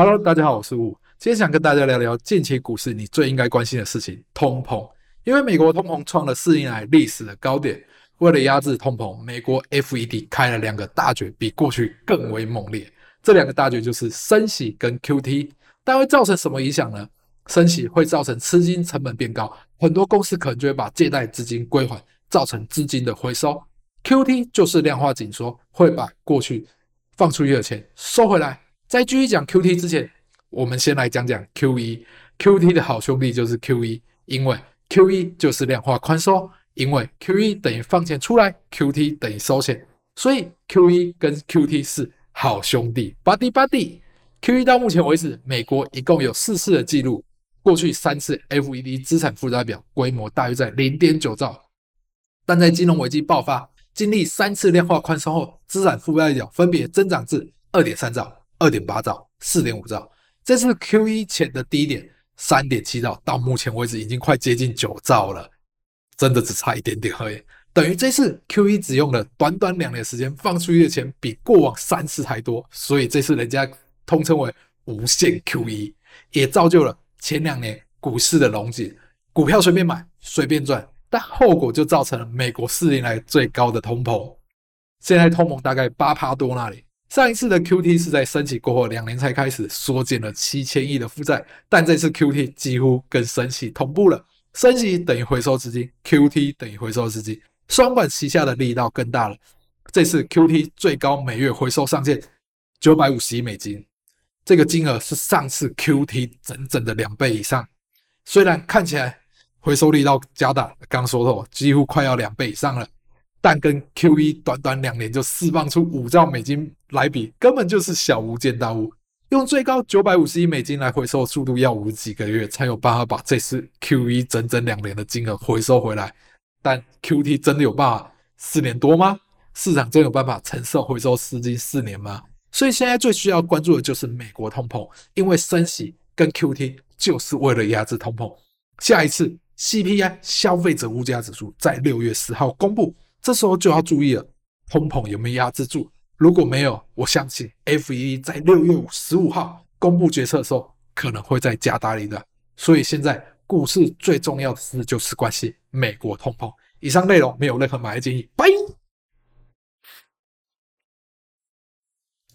Hello，大家好，我是五，今天想跟大家聊聊近期股市你最應該關心的事情——通膨。因為美國通膨創了四年來歷史的高點，為了壓制通膨，美國 FED 開了兩個大絕，比過去更為猛烈。這兩個大絕就是升息跟 QT。但會造成什麼影響呢？升息會造成資金成本變高，很多公司可能就會把借貸資金歸還，造成資金的回收。QT 就是量化緊縮，會把過去放出去的錢收回來。在繼續講 QT 之前，我們先來講講 QE。QT 的好兄弟就是 QE，因為 QE 就是量化寬鬆，因為 QE 等於放錢出來，QT 等於收錢，所以 QE 跟 QT 是好兄弟。Buddy Buddy，QE 到目前為止，美國一共有四次的記錄，過去三次 FED 資產負債表規模大約在零點九兆，但在金融危機爆發，經歷三次量化寬鬆後，資產負債表分別增長至二點三兆。二點八兆、四點五兆，這是 QE 前的低點，三點七兆，到目前為止已經快接近九兆了，真的只差一點點而已。等於這次 QE 只用了短短兩年時間放出去的錢，比過往三次還多，所以這次人家通稱為“無限 QE”，也造就了前兩年股市的榮景，股票隨便買、隨便賺，但後果就造成了美國四十年來最高的通膨，現在通膨大概八趴多那裡。上一次的 QT 是在升息過後兩年才開始縮減了七千億的負債，但這次 QT 幾乎跟升息同步了，升息等於回收資金，QT 等於回收資金，雙管齊下的力道更大了。這次 QT 最高每月回收上限九百五十億美金，這個金額是上次 QT 整整的兩倍以上。雖然看起來回收力道加大，剛說的幾乎快要兩倍以上了。但跟 QE 短短兩年就釋放出五兆美金來比，根本就是小巫見大巫。用最高九百五十億美金來回收，速度要五幾個月才有辦法把這次 QE 整整兩年的金額回收回來。但 QT 真的有辦法四年多嗎？市場真有辦法承受回收資金四年嗎？所以現在最需要關注的就是美國通膨，因為升息跟 QT 就是為了壓制通膨。下一次 CPI 消費者物價指數在六月十號公布。這時候就要注意了，通膨有沒有壓制住？如果沒有，我相信 F 一在六月十五號公布決策的時候，可能會再加大力度。所以現在股市最重要的事就是關係美國通膨。以上內容沒有任何買賣建議。拜。